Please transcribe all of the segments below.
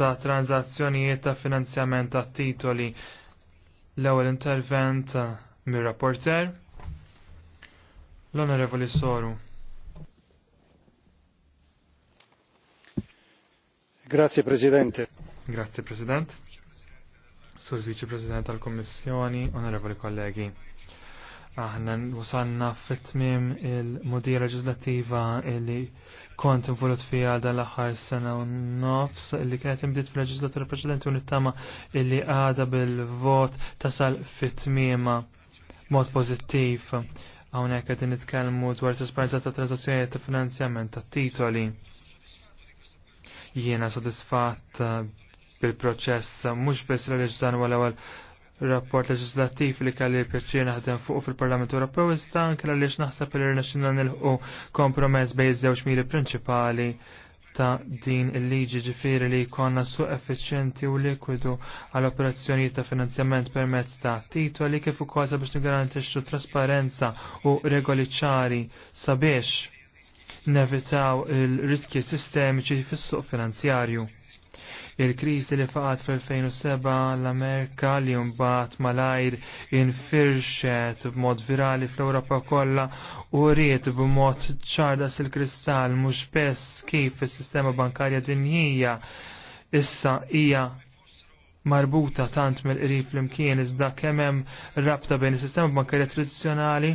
ta' tranzazzjonijiet ta' finanzjament ta' titoli l-ewwel intervent uh, mir-rapporter l-Onorevoli Soru. Grazie Presidente. Grazie President. Sur Vice President tal-Kommissjoni, onorevoli kollegi. Aħna wasanna fit-tmim il-modija leġislattiva li kont involut fija dal-aħħar sena u nofs li kienet imdiet fil-leġislatura preċedenti u nittama illi għada bil-vot tasal fit-tmima mod pozittiv. Hawnhekk qed nitkellmu dwar trasparenza ta' transazzjoni ta' finanzjament ta' titoli. Jiena sodisfatt bil-proċess mhux biss l u l-ewwel rapport leġislattiv li kalli l-pjaċir naħdem fuq fil-Parlament Ewropew iżda anke għaliex naħseb li rnexxinna nilħu kompromess bejn iż-żewġ miri prinċipali ta' din il-liġi ġifieri li jkollna su effiċenti u likwidu għal operazzjonijiet ta' finanzjament permezz ta' titoli kif ukoll sabiex nigarantixxu trasparenza u regoli ċari sabiex nevitaw il-riski sistemiċi fis-suq finanzjarju Il-kriżi li faqat fil 2007 l-Amerika li mbagħad malajr infirxet b'mod virali fl-Ewropa kollha u riet b'mod ċardas il-kristall mhux bess kif is-sistema bankarja dinjija issa hija marbuta tant mill-qrib flimkien iżda kemm hemm rabta bejn is-sistema bankarja tradizzjonali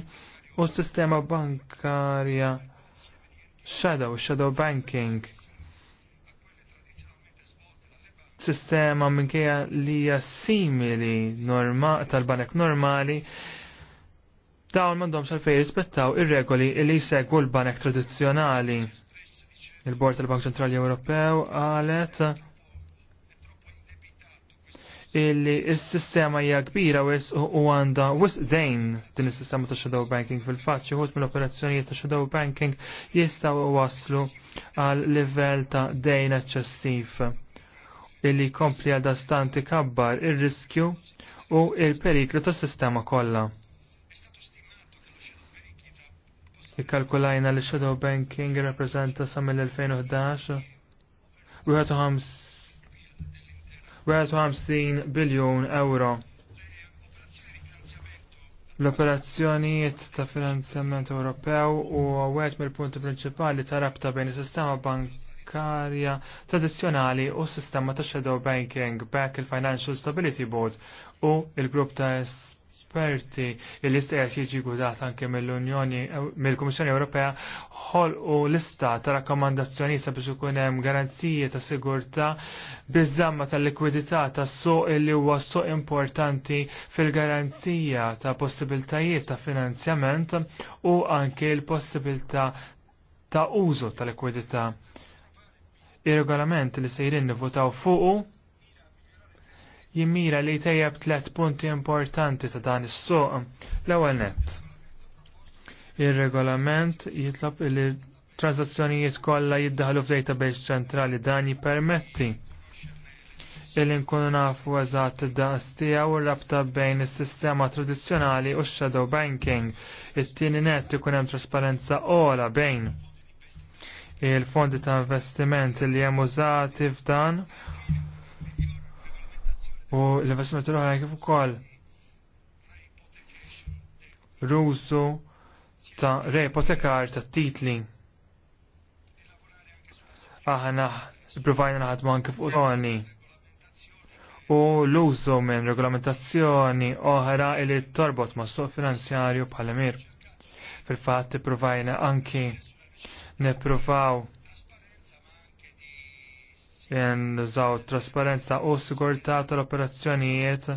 u s-sistema bankarja shadow, shadow banking sistema minkejja li hija simili tal-banek normali dawn m'għandhomx għalfejn rispettaw ir-regoli li jsegwu l-banek tradizzjonali. Il-Bord tal-Bank Ċentrali Ewropew qalet illi s-sistema hija kbira wis u għanda wis dejn din is-sistema ta' shadow banking fil-fatt xi mill-operazzjonijiet ta' shadow banking jistgħu waslu għal livell ta' dejn eċċessiv li jkompli għal dastan kabbar ir-riskju u il-periklu tas sistema kollha. Ikkalkulajna li shadow banking rappresenta sa mill-2011 51 biljun euro. L-operazzjonijiet ta' finanzjament Ewropew u għawet mill-punti prinċipali ta' rabta bejn is-sistema bank bankarja tradizzjonali u s-sistema ta' shadow banking back il-Financial Stability Board u il-grupp ta' esperti il-istess jiġi gudat anke mill-Unjoni mill-Kummissjoni Ewropea ħol u lista ta' rakkomandazzjoni sabiex ikun hemm garanzije ta' sigurtà bizzamma ta' tal-likwidità ta' suq li huwa so importanti fil-garanzija ta' possibiltajiet ta' finanzjament u anke l-possibilità ta' użu tal-likwidità. Ir-regolament li sejrin nivvotaw fuqu jimmira li tejjeb tlet punti importanti ta' dan is-suq. L-ewwel nett. Ir-regolament jitlob li transazzjonijiet kollha jiddaħlu f'database ċentrali dan jippermetti illi nkunu nafu eżatt id-daqs tiegħu rabta bejn is-sistema tradizzjonali u x-shadow banking. It-tieni net ikun hemm trasparenza ola bejn il-fondi ta' investiment li hemm użati f'dan u l-investiment l-oħra kif ukoll rużu ta' repotekar ta' titli. Aħna provajna naħdmu anke fuq zoni u l-użu minn regolamentazzjoni oħra li torbot ma' suq finanzjarju bħala Fil-fatt provajna anki neprovaw eh, nżaw trasparenza u sigurtà tal-operazzjonijiet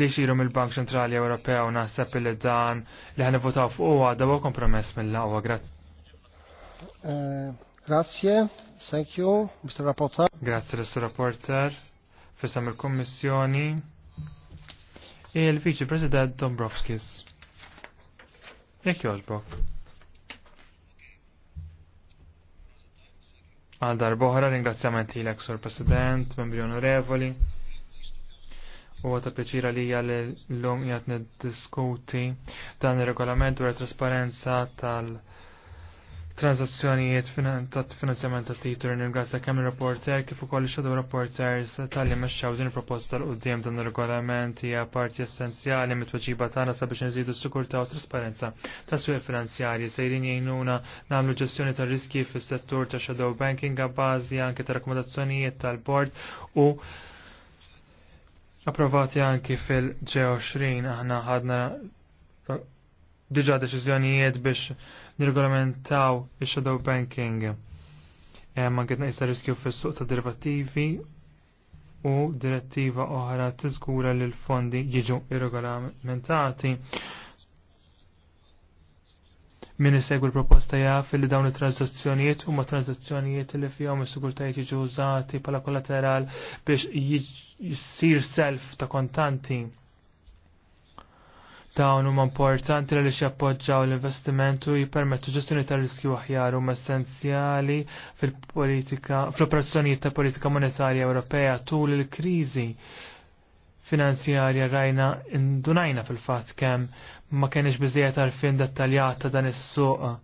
li xiru mill-Bank Ċentrali Ewropew naħseb li dan li ħan votaw fuq għadda u kompromess mill-laqwa. Grazie. Eh, grazie, thank you, Mr. Rapporteur. Grazie, Mr. Rapporteur. Fissam il-Kommissjoni. Il-Vice President Dombrovskis. Jekk jogħġbok. Għal darboħra ringrazzjament ilek sur President, membri onorevoli. U għata pieċira li għal l-lum jgħat diskuti dan il-regolament dwar trasparenza tal- transazzjonijiet ta' finanzjament ta' titur nirgrazzja kemm il-rapporter kif ukoll ix-shadow rapporters tal-li mexxew din il-proposta l qudiem dan ir-regolament hija parti essenzjali mit-tweġiba tagħna sabiex nżidu s-sikurtà u trasparenza ta' swieq finanzjarji sejrin jgħinuna nagħmlu ġestjoni ta' riski fis-settur ta' shadow banking għabbażi anke ta' rakkomandazzjonijiet tal-bord u approvati anke fil ġew xrin aħna ħadna diġa deċiżjonijiet biex nirregolamentaw il-shadow banking. Ma għedna jista riskju fis-suq ta' derivativi u direttiva oħra tiżgura li l-fondi jiġu irregolamentati. Min isegwi l-proposta jaf li dawn it-transazzjonijiet huma transazzjonijiet li fjom is-sigurtajiet jiġu użati bħala kollateral biex jissir self ta' kontanti Dawn huma importanti li jappoġġaw l-investimentu jippermettu ġestjoni ta' riskju aħjar huma essenzjali fil-politika fl-operazzjonijiet ta' politika monetarja Ewropea tul il-kriżi finanzjarja rajna indunajna fil-fatt kemm ma kienx biżejjed għarfien dettaljata ta' dan is-suq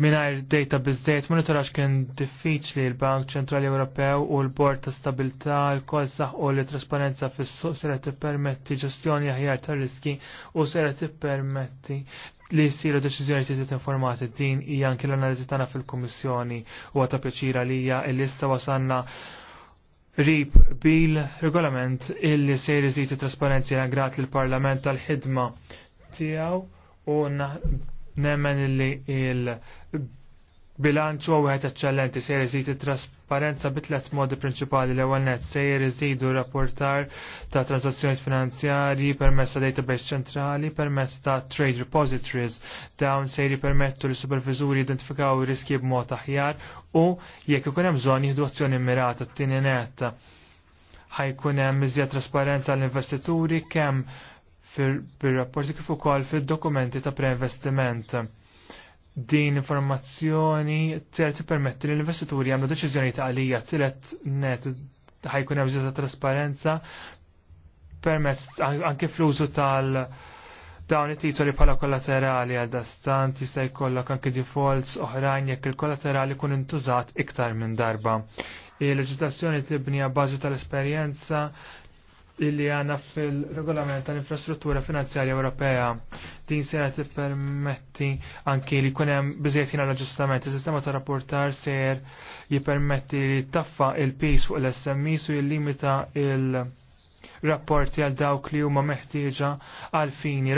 Minajr data bizzejt monitoraċ kien diffiċli l-Bank Ċentrali Ewropew u l-Bord ta' Stabilità l-kol saħqu li trasparenza fis-suq sera tippermetti ġestjoni aħjar ta' riski u sera tippermetti li jsiru deċiżjoni tiżiet informati din hija anke l-analiżi tagħna fil-Kummissjoni u ta' pjaċira li hija li issa wasanna rib bil regolament illi se jriżid trasparenzi grat lill-Parlament tal-ħidma tiegħu u Nemmen li il-bilanċ u għet eccellenti se jizid trasparenza bitlet modi prinċipali l-ewel net se jizidu rapportar ta' transazzjoni finanzjari ta' database ċentrali permess ta' trade repositories dawn se jipermettu li supervizuri identifikaw riski b'mod aħjar u jekk ikun hemm bżonn jieħdu azzjoni mirata t-tieni net ħajkun hemm iżjed trasparenza l-investituri kemm fir-rapporti kif ukoll fid-dokumenti ta' preinvestiment. Din informazzjoni ter permetti li l-investituri għamlu deċiżjoni ta' għalija tilet net ħajkun hemm ta' trasparenza permezz anke fl-użu tal- dawn it-titoli bħala kollaterali għal dastant jista' jkollok anke defaults oħrajn jekk il-kollaterali kun intużat iktar minn darba. Il-leġislazzjoni tibni għal bażi tal-esperjenza illi għana fil-regolament tal-infrastruttura finanzjarja Ewropea. Din sena tippermetti anki li kunem bizziet jina l il Sistema ta' rapportar ser jippermetti li taffa il-pis fuq l-SMIs u jillimita il-rapporti għal dawk li huma meħtieġa għal fini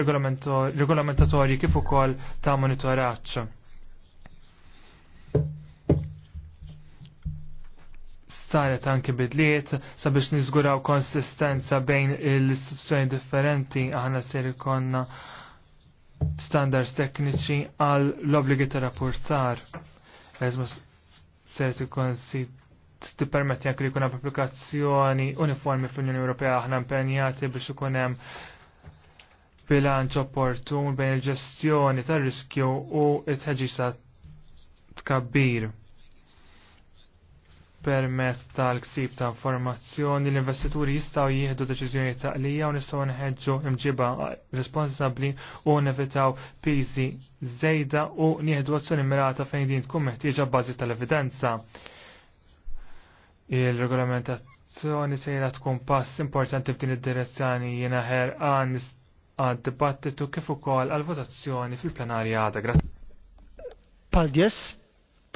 regolamentatorji kif ukoll ta' monitoraġġ. saret anki bidliet sabiex nizguraw konsistenza bejn l-istituzzjoni differenti aħna seri konna standards tekniċi għal l-obligi ta' rapportar. Eżma ser ikon si tippermetti anki li kuna applikazzjoni uniformi fl-Unjoni Ewropea aħna impenjati biex ikun hemm bilanċ opportun bejn il-ġestjoni tar-riskju u t ħeġisa tkabbir permezz tal-ksib ta' informazzjoni l-investituri jistaw jieħdu deċiżjoni taqlija u nistgħu nħeġġu imġiba responsabbli u nevitaw piżi żejda u nieħdu azzjoni mirata fejn din tkun meħtieġa bażi tal-evidenza. Il-regolamentazzjoni sejra tkun pass importanti b'din id-direzzjoni jiena għan għad-dibattitu kif ukoll għal-votazzjoni fil-plenarja għada. Paldies,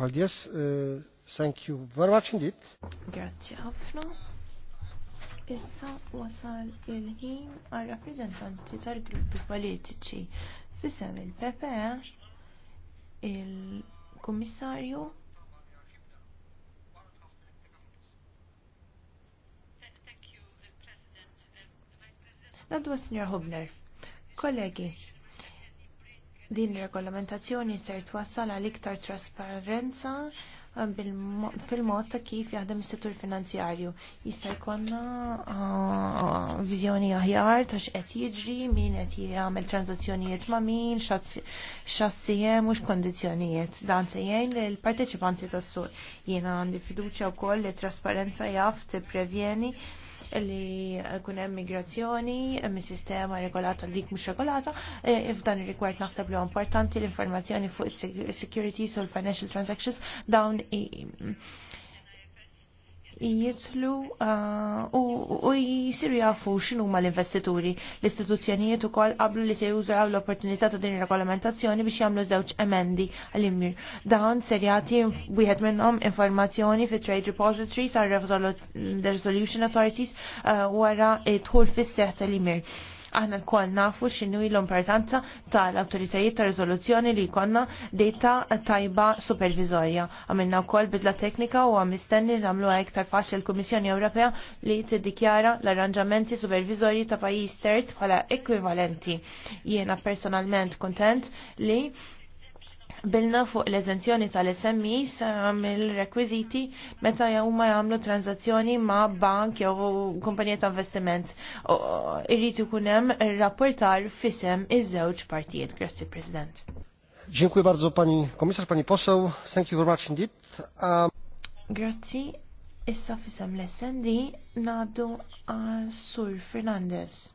paldies, uh... Thank you very much indeed. Grazzi ħafna. Issa wasal il-ħin għal rappreżentanti tal-gruppi politiċi. Fisem il-PPR, il-Kummissarju, Nadwa Sinjor Hubner, kollegi, din regolamentazzjoni ser twassal għal iktar trasparenza fil-mod ta' kif jaħdem is-settur finanzjarju. Jista' jkollna viżjoni aħjar ta' x'qed jiġri, min qed jagħmel tranzazzjonijiet ma' min, x'assihem u x'kondizzjonijiet. Dan se jgħin l parteċipanti tas-suq. Jiena għandi fiduċja wkoll li trasparenza jaf tipprevjeni li kun hemm migrazzjoni mis sistema regolata li dik mhux regolata, e, f'dan ir-rigward naħseb li importanti l-informazzjoni fuq securities u l-financial transactions dawn jitlu uh, u jisiru jafu xinu ma l-investituri. L-istituzzjonijiet u koll qablu li se jużaw l-opportunità ta' din regolamentazzjoni biex jamlu żewġ emendi għal-immir. Dawn serjati wieħed minnhom informazzjoni fi Trade Repository sar Resolution Authorities uh, wara it-tħul fis-seħ tal-immir Aħna l-kol nafu xinu l-importanza tal-autoritajiet ta' rizoluzzjoni li jkonna data tajba supervizorja. Għamilna kol bidla teknika u għamistenni l-għamlu għajk tal-faċ l-Komissjoni Ewropea li t-dikjara l-arranġamenti supervizorji ta' pajis terz bħala ekvivalenti. Jiena personalment kontent li bilna fuq l-eżenzjoni tal-SMEs eh, mill-rekwiziti meta huma jagħmlu tranzazzjoni ma' bank jew kumpanija ta' investiment. Irrid ikun hemm rapportar fisem iż-żewġ partijiet. Grazzi President. Dziękuję bardzo pani komisarz, pani poseł. Thank you very much indeed. Um... Grazzi. Issa fisem l-SND nadu għal Sur Fernandez.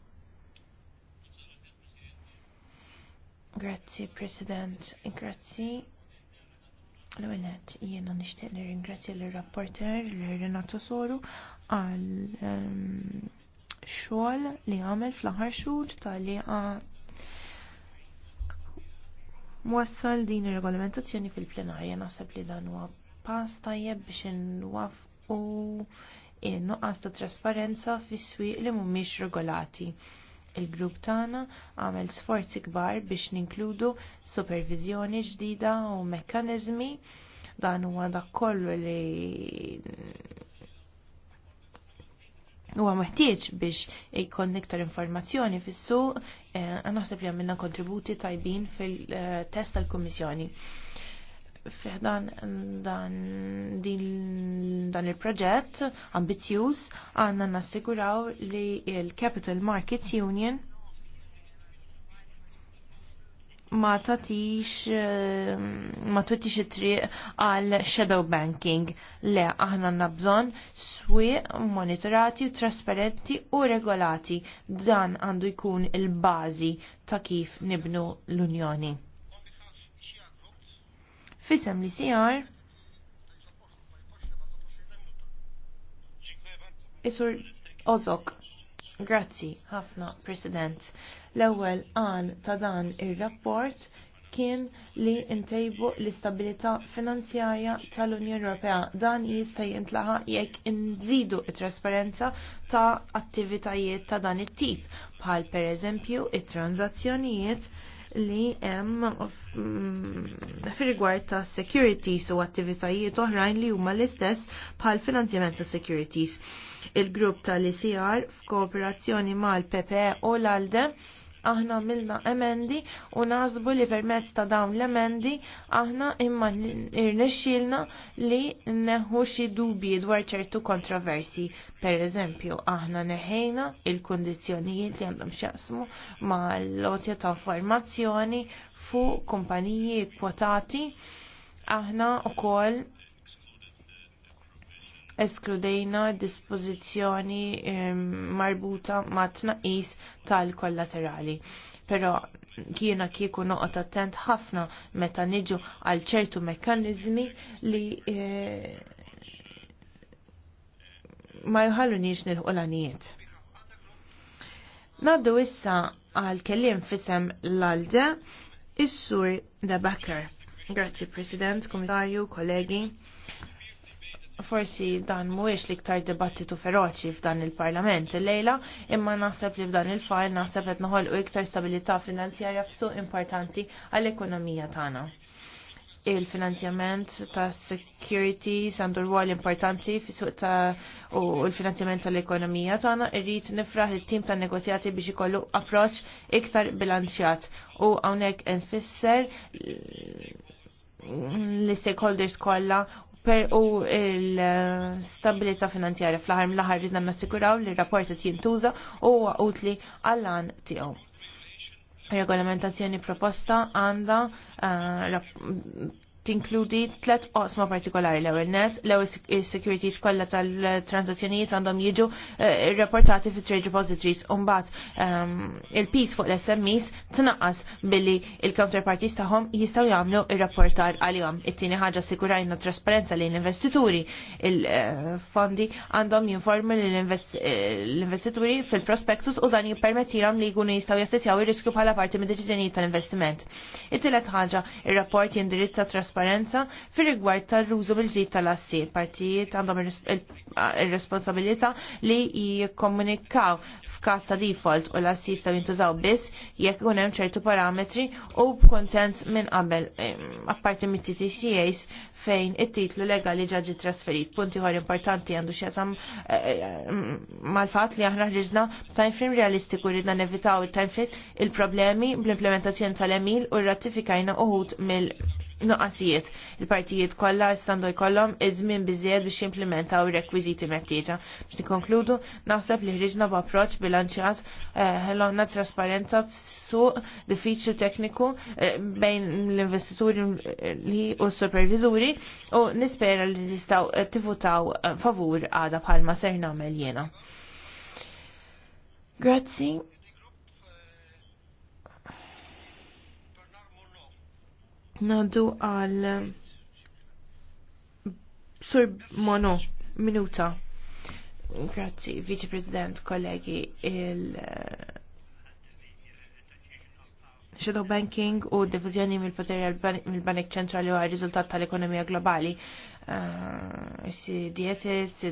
Grazzi, President. Grazzi. L-għenet, jiena nishtiq li ringrazzi l-rapporter, l-Renato Soru, għal ehm, xogħol li għamel fl-aħħar xhur tal-li wassal din ir-regolamentazzjoni fil-plenarja naħseb li dan huwa pass tajjeb biex inwafqu in-nuqqas ta' trasparenza fis-swieq li mhumiex regolati. Il-grupp tagħna għamel sforzi kbar biex ninkludu supervizjoni ġdida u mekkaniżmi dan huwa dak kollu li huwa meħtieġ biex jkun iktar informazzjoni fis-suq, eh, naħseb li għamilna kontributi tajbin fil-test eh, tal-Kummissjoni fiħdan dan, dan il-proġett ambizjuż għandna nassiguraw li il-Capital Markets Union ma tatix ma tatix it-triq għal shadow banking le aħna għandna bżonn monitorati u trasparenti u regolati dan għandu jkun il-bażi ta' kif nibnu l-Unjoni. Fisem li sijar. Isur Ozok. Grazzi, ħafna, President. L-ewwel għan ta' dan ir-rapport kien li ntejbu l-istabilità finanzjarja tal-Unjoni Ewropea. Dan jista' jintlaħaq jekk inżidu t-trasparenza ta' attivitajiet ta' dan it-tip, bħal pereżempju it-tranzazzjonijiet it it tranzazzjonijiet li hemm mm, fir-rigward ta' securities u attivitajiet oħrajn li huma l-istess bħal finanzjament ta' securities. Il-grupp tal-ICR f'kooperazzjoni mal-PPE u l-ALDE aħna milna emendi u nazbu li permezz ta' dawn l-emendi aħna imma irnexxilna li neħu xi dubji dwar ċertu kontroversi. Per eżempju, aħna neħejna il-kondizjonijiet li għandhom xjaqsmu ma' l-lotja ta' informazzjoni fuq kumpaniji kwotati aħna u koll eskludejna dispożizzjoni ehm, marbuta ma' tnaqis tal-kollaterali. Però kiena kieku noqgħod attent ħafna meta niġu għal ċertu mekkaniżmi li eh, ma ma nix nil-ħolanijiet. Naddu issa għal kellim fisem l-alde, issur sur da Bakker. Grazzi President, Komissarju, kollegi forsi dan mhuwiex l-iktar dibattitu feroċi f'dan il-Parlament lejla, imma naħseb li f'dan il-fajl naħseb qed noħolqu iktar stabilità finanzjarja f'suq importanti għall-ekonomija tagħna. Il-finanzjament ta' securities għandu rwol importanti fis-suq ta' u l-finanzjament tal-ekonomija tagħna irrid nifraħ it tim ta' negozjati biex ikollu approċċ iktar bilanċjat u hawnhekk infisser l-stakeholders kollha per u l-stabilità finanzjarja fl-ħar mill-ħar ridna nassikuraw li rapporti jintuża u utli għall-għan tiegħu regolamentazzjoni proposta għanda eh, tinkludi tlet osma partikolari l ewwel net, l ewwel security eh, kollha tal-transazzjonijiet għandhom jiġu eh, reportati fit trade repositories u mbagħad ehm, il-pis fuq l-SMEs tnaqqas billi il-counterparties tagħhom jistgħu jagħmlu r rapportar għalihom. It-tieni ħaġa sigurajna trasparenza lejn investituri il-fondi eh, għandhom jinformu l-investituri fil-prospektus u dan jippermettilhom li jkunu jistgħu jassessjaw ir-riskju bħala parti mid-deċiżjonijiet tal-investiment. It-tielet ħaġa ir-rapport jindirizza trasparenza trasparenza fir rigward tal rużu mill-ġid tal-assi. Partijiet għandhom il-responsabilità li jikkomunikaw f'każ ta' default u l-assi jistgħu jintużaw biss jekk ikun hemm ċertu parametri u b'konsens minn qabel eh, apparti mit-TTCAs fejn it-titlu legali ġa ġi trasferit. Punti ħor importanti għandu x'jasam eh, eh, mal-fatt li aħna ħriġna frame realistiku ridna nevitaw il-timeframe il-problemi bl-implementazzjoni tal-emil u rratifikajna uħut mill noqasijiet. Il-partijiet kollha standu jkollhom iż-żmien biżjed biex jimplementaw ir-rekwiżiti meħtieġa. Biex nikkonkludu, naħseb li ħriġna b'approċċ bilanċjat eh, ħelonna trasparenza f'suq diffiċli tekniku eh, bejn l-investituri li u s-supervizuri u nispera li nistgħu eh, tivutaw favur għada bħalma ser nagħmel jiena. Grazzi. Nadu għal Sur Mono, minuta. Grazzi, Vice President, kollegi, il eh, shadow banking u divizjoni mill poteri mill-Banek ċentrali u riżultat tal-ekonomija globali. Eh, DSS,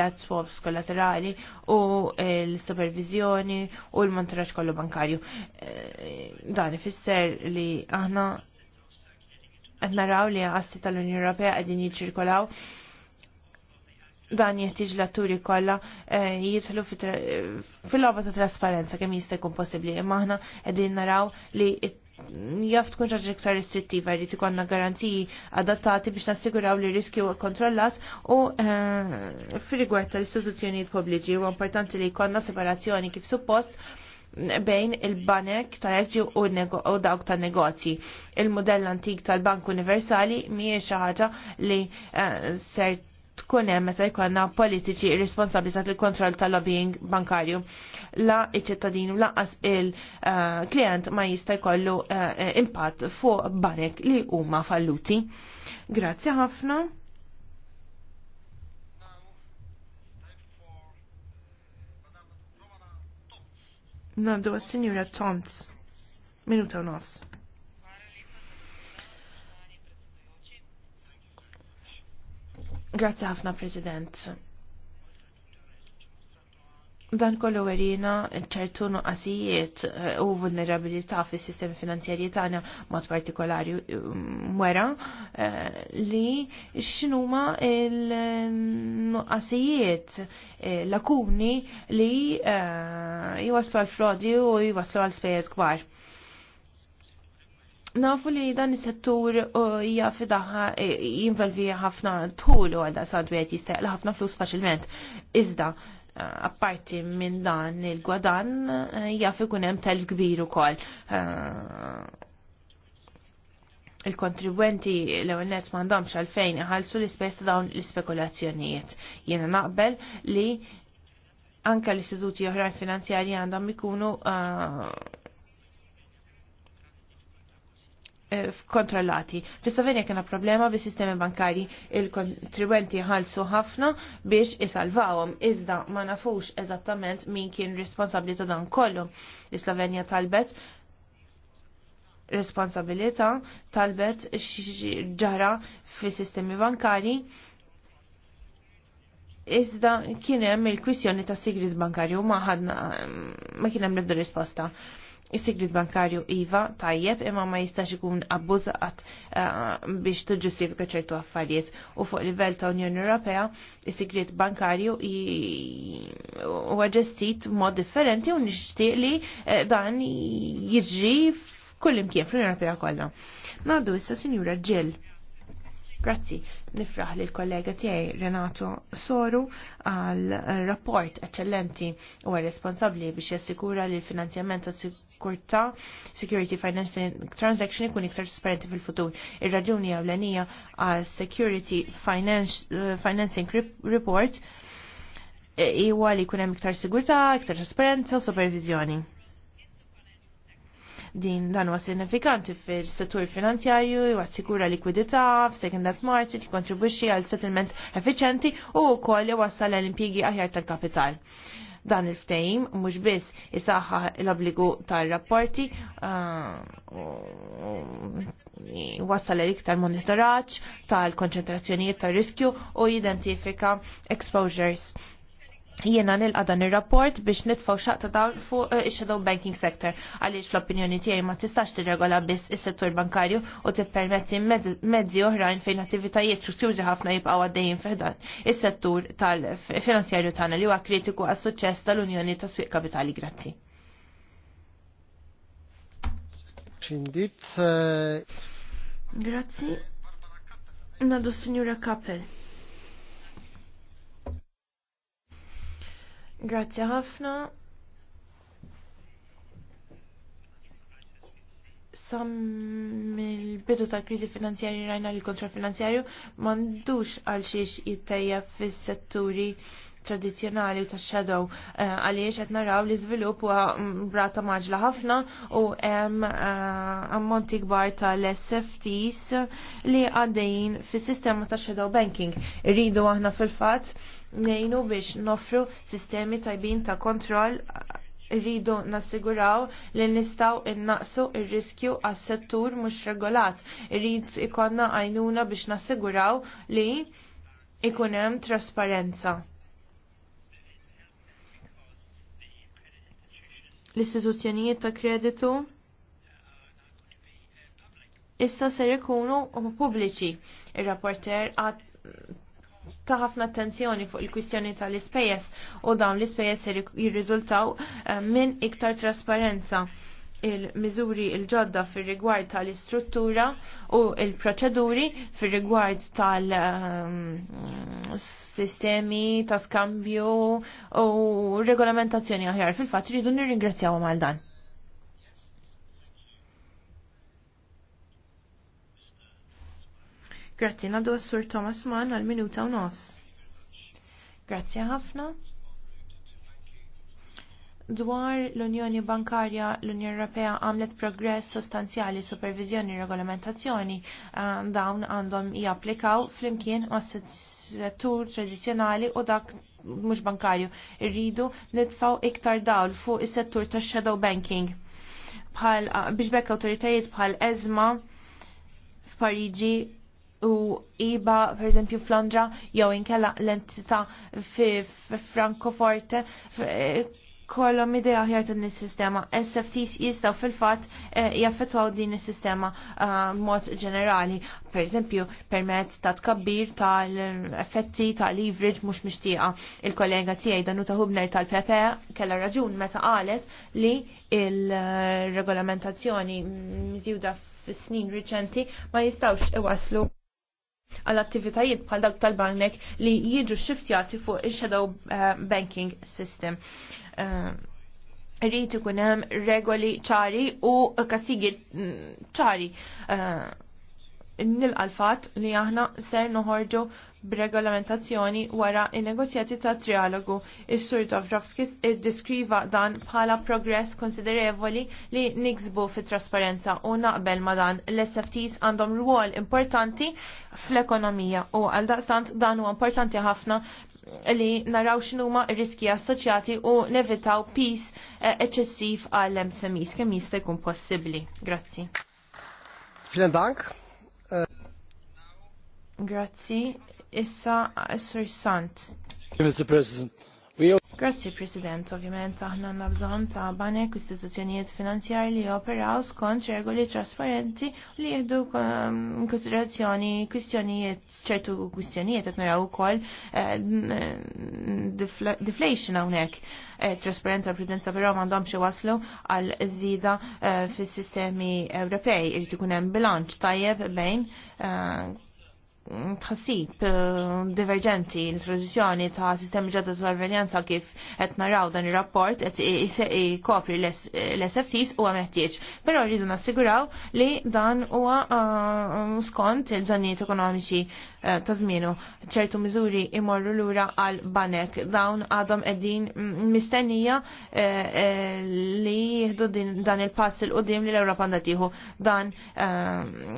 debt swaps kollaterali u l-supervizjoni u l-monitoraġġ kollu bankarju. Eh, dan ifisser li aħna qed naraw li għassi tal-Unjoni Ewropea qegħdin jiċċirkolaw dan jeħtieġ l-atturi kollha eh, jidħlu fil-logħba ta' trasparenza kemm jista' jkun possibbli imma aħna qegħdin naraw li jaf tkun ċaġa iktar restrittiva, jrid ikonna garanziji adattati biex nassiguraw li riskju kontrollat u eh, fir rigward tal-istituzzjonijiet pubbliċi huwa importanti li jkollna separazzjoni kif suppost bejn il-banek tal-SG u, u dawk tal-negozji. Il-modell antik tal-Bank Universali mhijiex ħaġa li uh, ser tkun hemm meta jkollna politiċi responsabbli ta' il-kontroll tal-lobbying bankarju. La iċ-ċittadin u laqas il-klient eh, ma jista' jkollu eh, impatt fuq banek li huma falluti. Grazzi ħafna. Nabdu għas-Sinjura Tomts. Minuta u nofs. Grazie ħafna, President. Dan kollu għerina ċertu nuqqasijiet eh, u vulnerabilità fis sistemi finanzjarji tagħna mod partikolari mm, wera eh, li x'inhuma il-nuqqasijiet eh, lakuni li jwaslu għal frodi u jwaslu għal spejjeż kbar. Nafu li dan is-settur hija fidaħa jinvolvi ħafna tħul u għal da sadwiet jistaqla ħafna flus faċilment. Iżda, apparti minn dan il-gwadan eh, jaf ikun hemm tal kbir ukoll. Eh, il-kontribwenti l-ewwel nett m'għandhomx għalfejn iħallsu l-ispejs ta' dawn l-ispekulazzjonijiet. Jiena naqbel li anke l-istituti oħrajn finanzjarji għandhom ikunu eh, Eh, kontrollati. Fl-Slovenja kena problema bi sistemi bankari il-kontribwenti ħalsu ħafna biex isalvawhom iżda ma nafux eżattament min kien responsabli ta' dan kollu. is slovenja talbet responsabilità talbet ġara fis sistemi bankari Iżda kienem il-kwissjoni ta' sigrit bankarju ma ħadna ma kienem nibdu risposta. Is-sigrit bankarju IVA tajjeb imma ma jistax ikun abbużat eh, biex tiġġustifika ċertu affarijiet u fuq livell ta' Unjoni Ewropea is-sigrit bankarju huwa ġestit mod differenti u nixtieq li eh, dan jiġri kull imkien fl-Unjoni Ewropea kollha. Nagħdu issa Sinjura Ġill. Grazzi, nifraħ li l-kollega tiegħi Renato Soru għal rapport eccellenti u responsabli biex jassikura li l-finanzjament tas kurta security financing transaction ikun iktar trasparenti fil-futur. Ir-raġuni għawlenija għal security finance, uh, financing report eh, iwa li kunem iktar sigurta, iktar trasparenza u supervizjoni. Din dan huwa sinifikanti fil-settur finanzjarju, huwa sikura likwidità that market, jikkontribwixxi għal settlements effiċenti u wkoll iwassal l impjiegi aħjar tal-kapital. Dan il-ftejim mhux biss isaħħa l-obligu tar-rapporti uh, wassal l iktar monitoraġġ tal-konċentrazzjonijiet tar-riskju u jidentifika exposures jiena nilqa dan ir-rapport biex nitfgħu xaqta dawl fuq eh, ix-shadow banking sector għaliex fl-opinjoni tiegħi ma tistax tirregola biss is-settur bankarju u tippermetti mezzi oħrajn fejn attivitajiet strutturi ħafna jibqgħu għaddejjin f'dan is-settur tal-finanzjarju tagħna li huwa kritiku għas-suċċess tal-Unjoni tas-Swieq Kapitali. Grazzi. Xindit. Eh, Grazzi. Nadu Signora Kappel. Grazzi ħafna. sam il-bidu tal-krizi finanzjarju rajna li kontra finanzjarju mandux għal xiex jittajja fis-setturi tradizjonali u ta' shadow eh, għaliex qed naraw li żvilupp huwa mm, brata maġla ħafna u hemm eh, ammonti kbar tal-SFTs li għaddejjin fis-sistema ta' shadow banking. Irridu aħna fil-fatt nejnu biex nofru sistemi tajbin ta' kontroll rridu nassiguraw li nistaw innaqsu il-riskju għas settur mux regolat. Rrid ikonna għajnuna biex nassiguraw li ikunem trasparenza. l-istituzzjonijiet ta' kreditu issa ser ikunu pubbliċi. Ir-rapporter għad ta' ħafna attenzjoni fuq il-kwistjoni tal-ispejjeż u dawn l-ispejjeż jirriżultaw eh, minn iktar trasparenza il-miżuri il-ġodda fir rigward tal-istruttura u il-proċeduri fir rigward tal-sistemi ehm, ta' skambju u regolamentazzjoni aħjar. Fil-fatt rridu nirringrazzjaw għal dan. Grazzi, nadu s-sur Thomas Mann għal-minuta u nofs. Grazzi ħafna. Dwar l-Unjoni Bankarja, l-Unjoni Ewropea għamlet progress sostanzjali supervizjoni regolamentazzjoni eh, dawn għandhom japplikaw flimkien ma' settur tradizjonali u dak mhux bankarju. Irridu nitfaw iktar dawl fuq is-settur tax shadow banking. Bħal ah, biex bekk awtoritajiet bħal eżma f'Pariġi u iba, per esempio, Flondra, jew inkella l-entità fi Francoforte, eh, kollom idea ħjar eh, din is-sistema. SFTs jistgħu fil-fatt jaffettwaw din is-sistema mod ġenerali. Per eżempju, permezz ta' tkabbir tal-effetti ta' leverage mhux mixtieqa. Il-kollega tiegħi Danuta Hubner tal-PP kellha raġun meta qalet li il-regolamentazzjoni mżjuda fis-snin riċenti ma jistgħux iwaslu għal attivitajiet bħal dawk tal-banek li jiġu xiftjati fuq il-shadow eh, banking system. Eh, Rrit ikun hemm regoli ċari u kasigi mm, ċari eh, nilqa l-fat li aħna ser noħorġu b'regolamentazzjoni wara il-negozjati ta' trialogu. Is-Sur Dovrovskis iddiskriva dan bħala progress konsiderevoli li niksbu fit trasparenza u naqbel ma dan l-SFTs għandhom rwol importanti fl-ekonomija u għal daqstant dan huwa importanti ħafna li naraw x'numa riski assoċjati u nevitaw pis eh, eċċessiv għall-MSMEs kemm jista' jkun possibbli. Grazzi. Vielen Dank. Grazie. issa Sur Sant. Mr. President. Grazzi President, ovvjament aħna għandna bżonn ta' banek istituzzjonijiet finanzjari li operaw skont regoli trasparenti li jieħdu ehm, konsiderazzjoni kwistjonijiet, ċertu kwistjonijiet qed naraw ukoll eh, deflation hawnhekk. Eh, Trasparenza prudenza però m'għandhomx waslu għal zida eh, fis-sistemi Ewropej irid ikun hemm bilanċ tajjeb bejn tħassib eh, divergenti l-introduzzjoni ta' sistemi ġadda ta' sorveljanza kif qed naraw dan ir-rapport qed ikopri l-SFTs huwa meħtieġ. Però rridu nassiguraw li dan huwa eh, skont il żanijiet ekonomiċi eh, ta' żmienu. ċertu miżuri imorru lura għal banek dawn għadhom qegħdin mistennija li jieħdu dan il-pass il qudiem li l-Ewropa għandha tieħu dan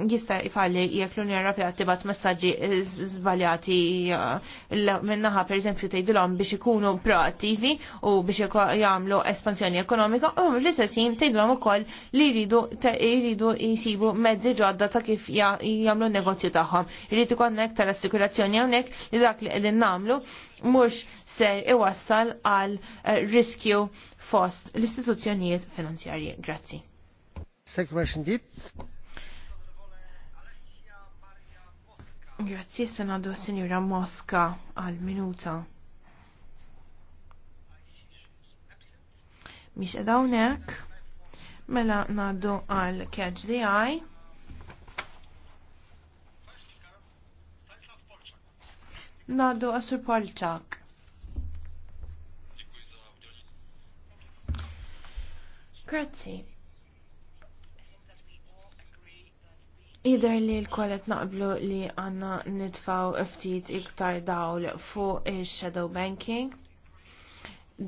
jista' jfalli jekk l-Unjoni Ewropea tibgħat messaġġ messaġġi żbaljati eh, minnaħa pereżempju tgħidilhom biex ikunu proattivi u biex jagħmlu espansjoni ekonomika u l-istess jien tgħidilhom ukoll li jridu jridu jsibu mezzi ġodda ta' kif jagħmlu negozju tagħhom. Irid ikollna aktar assikurazzjoni hawnhekk li dak li qegħdin nagħmlu mhux ser iwassal għal eh, riskju fost l-istituzzjonijiet finanzjarji. Grazzi. Thank you very much indeed. Grazie senado, signora Mosca al minuta. Mix edawnek, mela nado al catch the eye. Naddu għasur Polċak. Grazzi. Jider li l-kollet naqblu li għanna nitfaw ftit iktar dawl fuq il-shadow banking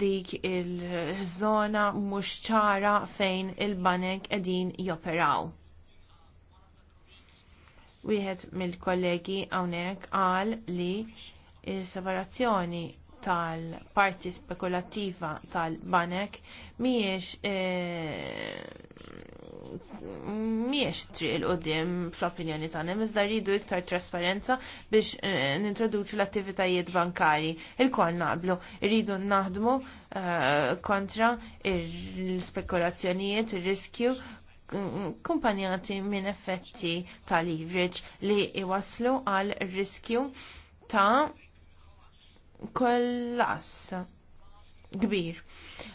dik il-żona mhux ċara fejn il-banek qegħdin joperaw. Wieħed mill-kollegi hawnhekk qal li il-separazzjoni tal-parti spekulattiva tal-banek miex eh, miex triq il-qoddim fl-opinjoni tagħna, iżda rridu iktar trasparenza biex eh, nintroduċu l-attivitajiet bankari. Il-kol naqblu, rridu naħdmu eh, kontra l-spekulazzjonijiet, ir-riskju kumpanjati minn effetti ta' leverage li iwaslu għal riskju ta' kollas kbir.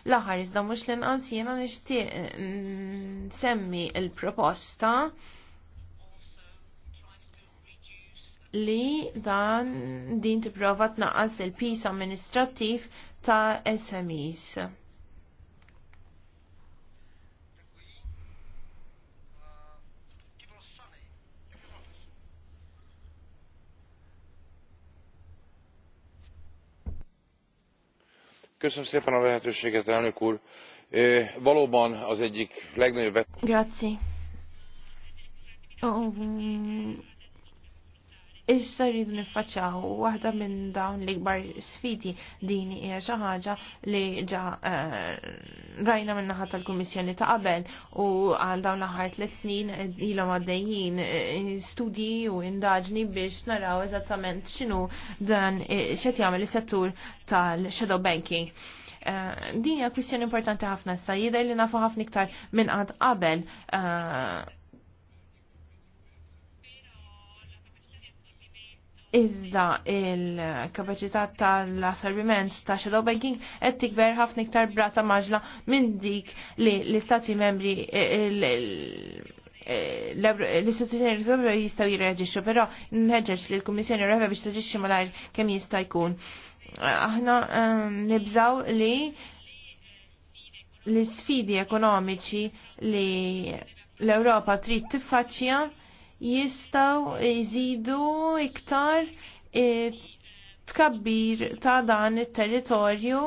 L-aħħar iżda mhux l-inqas jiena nixtieq nsemmi l-proposta li dan din tipprova tnaqqas il-pis amministrattiv ta' SMEs. valóban az egyik legnagyobb. grazie. Oh, issa rridu niffaċċaw waħda minn dawn l-ikbar sfidi din hija xi ħaġa li ġa eh, rajna minn naħa tal-Kummissjoni ta' qabel u għal dawn l-aħħar tliet snin ilhom għaddejjin eh, studji u indaġni biex naraw eżattament x'inhu dan eh, x'qed jagħmel is-settur tal-shadow banking. Uh, din hija kwistjoni importanti ħafna sa jidher li nafu ħafna iktar minn qatt qabel uh, Iżda il-kapacità tal-assorbiment ta' shadow banking qed tikber ħafna iktar brata maġla minn dik li l-istati membri l-istituzzjoni Ewropea jistgħu jirreġixxu, però nħeġġeġ li l-Kummissjoni Ewropea biex taġixxi malajr kemm jista' jkun. Aħna ehm, nibżaw li l-sfidi ekonomiċi li l-Ewropa trid tiffaċċja jistaw jizidu iktar tkabbir ta' dan it-territorju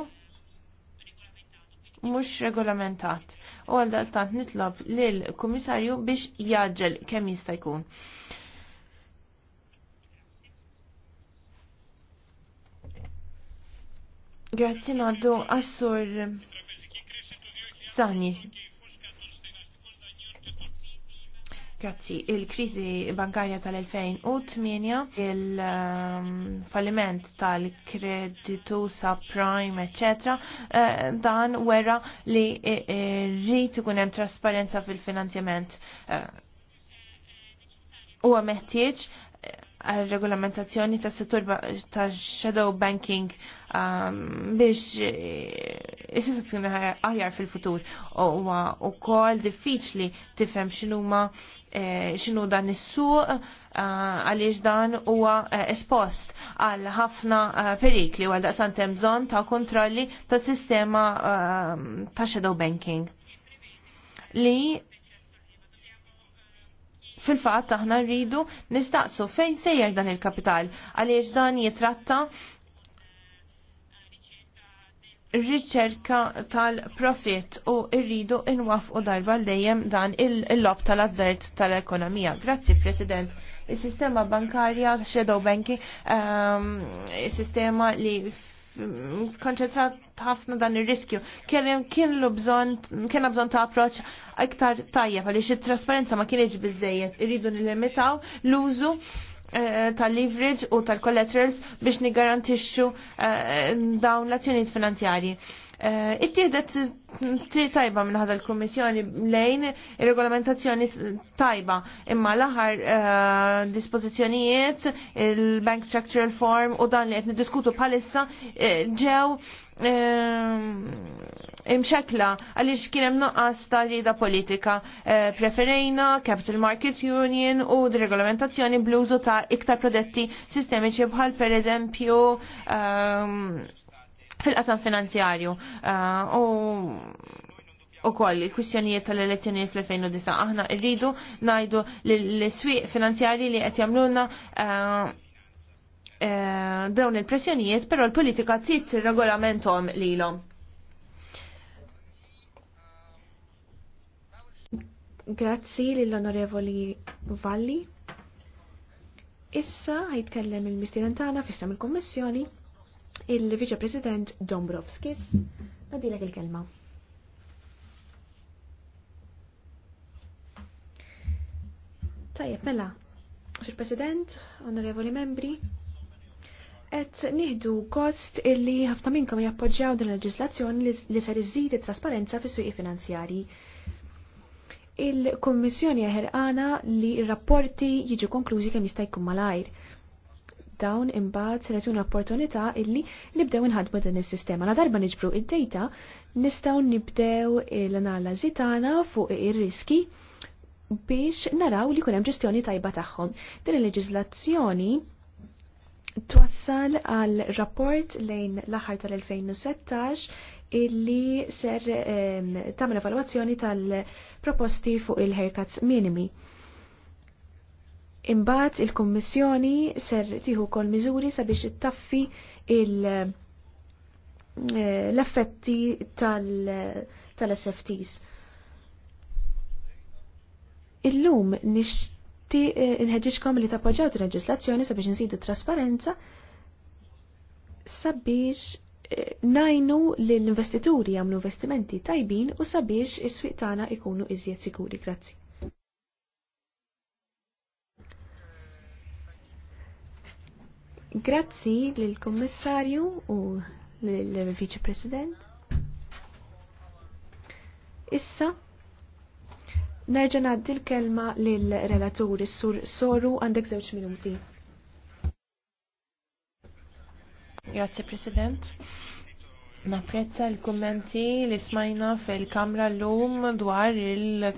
mhux regolamentat. U għal daqstant nitlob l kummissarju biex jaġġel kemm jista' jkun. Grazzi naddu għassur Zani. Grazzi, il-krizi bankarja tal-2008, il-falliment um, tal-kreditu subprime, etc. Eh, dan wera li eh, eh, rrit ikun hemm trasparenza fil-finanzjament. Huwa meħtieġ regolamentazzjoni tas settur ta' shadow banking um, biex is-situazzjoni aħjar fil-futur huwa wkoll diffiċli tifhem x'inhuma eh, x'inhu dan is-suq eh, għaliex dan huwa eh, espost għal ħafna perikli u għal daqsan hemm bżonn ta' kontrolli ta' sistema ta' shadow banking. Li fil-fatt aħna rridu nistaqsu fejn sejjer dan il-kapital għaliex dan jitratta riċerka tal-profit u irridu inwafqu darba l-dejjem dan il-lob tal-azzert tal-ekonomija. Grazzi, President. Il-sistema bankarja, shadow banking, ehm, il-sistema li konċentrat ħafna dan ir-riskju. Kellem bżonn kienna ta' approċ iktar tajjeb għaliex it-trasparenza ma kienx biżejjed irridu nilimitaw l-użu Eh, eh, tal-leverage u tal-collaterals biex nigarantixxu eh, dawn l-azzjonijiet finanzjarji. Eh, Ittieħdet tri tajba minn ħadha l-Kummissjoni lejn ir-regolamentazzjoni tajba imma l-aħħar eh, dispożizzjonijiet il-Bank Structural Form u dan li qed niddiskutu bħalissa eh, ġew imxekla għaliex kien hemm nuqqas ta' rieda politika preferejna Capital Markets Union u d-regolamentazzjoni bl-użu ta' iktar prodetti sistemiċi bħal pereżempju fil-qasam finanzjarju uh, u u koll il-kwistjonijiet tal-elezzjoni fl-2009 aħna rridu najdu l swiq finanzjari li qed jagħmlulna uh, uh, dawn il-pressjonijiet, però l-politika tit regolamentom lilhom. Grazzi lill-Onorevoli Valli. Issa ħajtkellem il-Mistinantana fissam il-Kommissjoni il-Viċe President Dombrovskis. Nadilek il-kelma. Tajjeb, mela, Sir President, onorevoli membri, et nieħdu kost illi ħafna minnkom jappoġġjaw din il-leġislazzjoni li ser iżid it-trasparenza fis-suqi finanzjarji. Il-Kummissjoni għana li r-rapporti jiġu konklużi kemm jista' jkun malajr dawn imbagħad se jtuna opportunità illi nibdew inħadmu din is-sistema. Na darba niġbru id-data nistgħu nibdew l-analiżi tagħna fuq ir-riski biex naraw li kunem ġestjoni tajba tagħhom. Din il-leġiżlazzjoni twassal għal rapport lejn l-aħħar tal-2016 illi ser eh, tagħmel evalwazzjoni tal-proposti fuq il-haircuts minimi. Imbagħad il-Kummissjoni ser tieħu kol miżuri sabiex ittaffi eh, l-effetti tal-SFTs. Illum nixtieq eh, inħeġġixkom li tappoġġaw il reġislazzjoni sabiex nżidu trasparenza sabiex eh, najnu l-investituri jagħmlu investimenti tajbin u sabiex is-swieq tagħna ikunu iżjed sikuri. Grazzi. Grazzi lill-Kummissarju u lill-Viċi President. Issa, nerġa' ngħaddi l-kelma lill-relatur sur Soru għandek żewġ minuti. Grazzi President. Napprezza l-kummenti li smajna fil-kamra l-lum dwar il-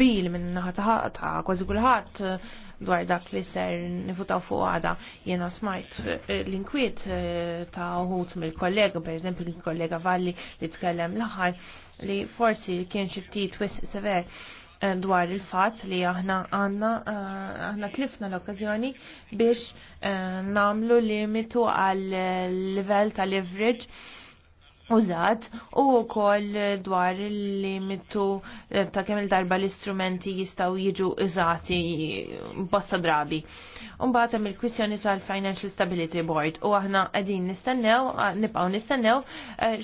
bil minn naħa ta' kważi kulħadd dwar dak li ser nifutaw fuq għada jena smajt eh, l-inkwiet eh, ta' uħut mill-kollega, per eżempju l-kollega Valli li tkellem l-aħħar li forsi kien xifti wis sever eh, dwar il-fat li aħna għanna aħna tlifna l-okkazjoni biex namlu limitu għal level ta' leverage użat u wkoll dwar il-limitu ta' kemm il-darba l-istrumenti jistgħu jiġu użati bosta drabi. Umbagħad hemm il-kwistjoni tal-Financial Stability Board u aħna qegħdin nistennew nibqgħu nistennew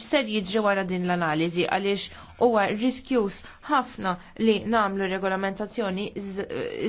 x'ser eh, jiġri wara din l-analiżi għaliex huwa riskjus ħafna li nagħmlu regolamentazzjoni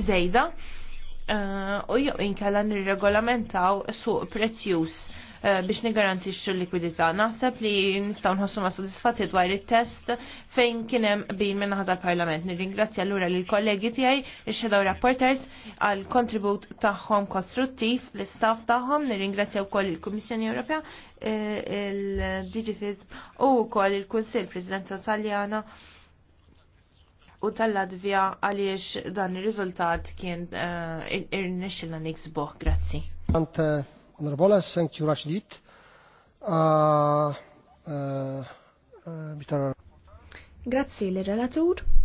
żejda eh, u jew inkella nirregolamentaw suq prezzjuż Eh, biex nigarantixxu l-likwidità. Naħseb li nistgħu nħossu ma' sodisfatti dwar it-test fejn kien hemm bin minn ħaża parlament. Nirringrazzja allura lil kollegi tiegħi ix-shadow rapporters għal kontribut tagħhom kostruttiv l-istaff tagħhom, nirringrazzja wkoll il-Kummissjoni Ewropea eh, il-DigiFiz u wkoll il-Kunsill Presidenza Taljana u tal-Latvija għaliex dan ir-riżultat kien eh, ir niksbuh. Grazzi. Honorable, thank you, Rashdit. Uh, uh, uh, Grazie, il relatore.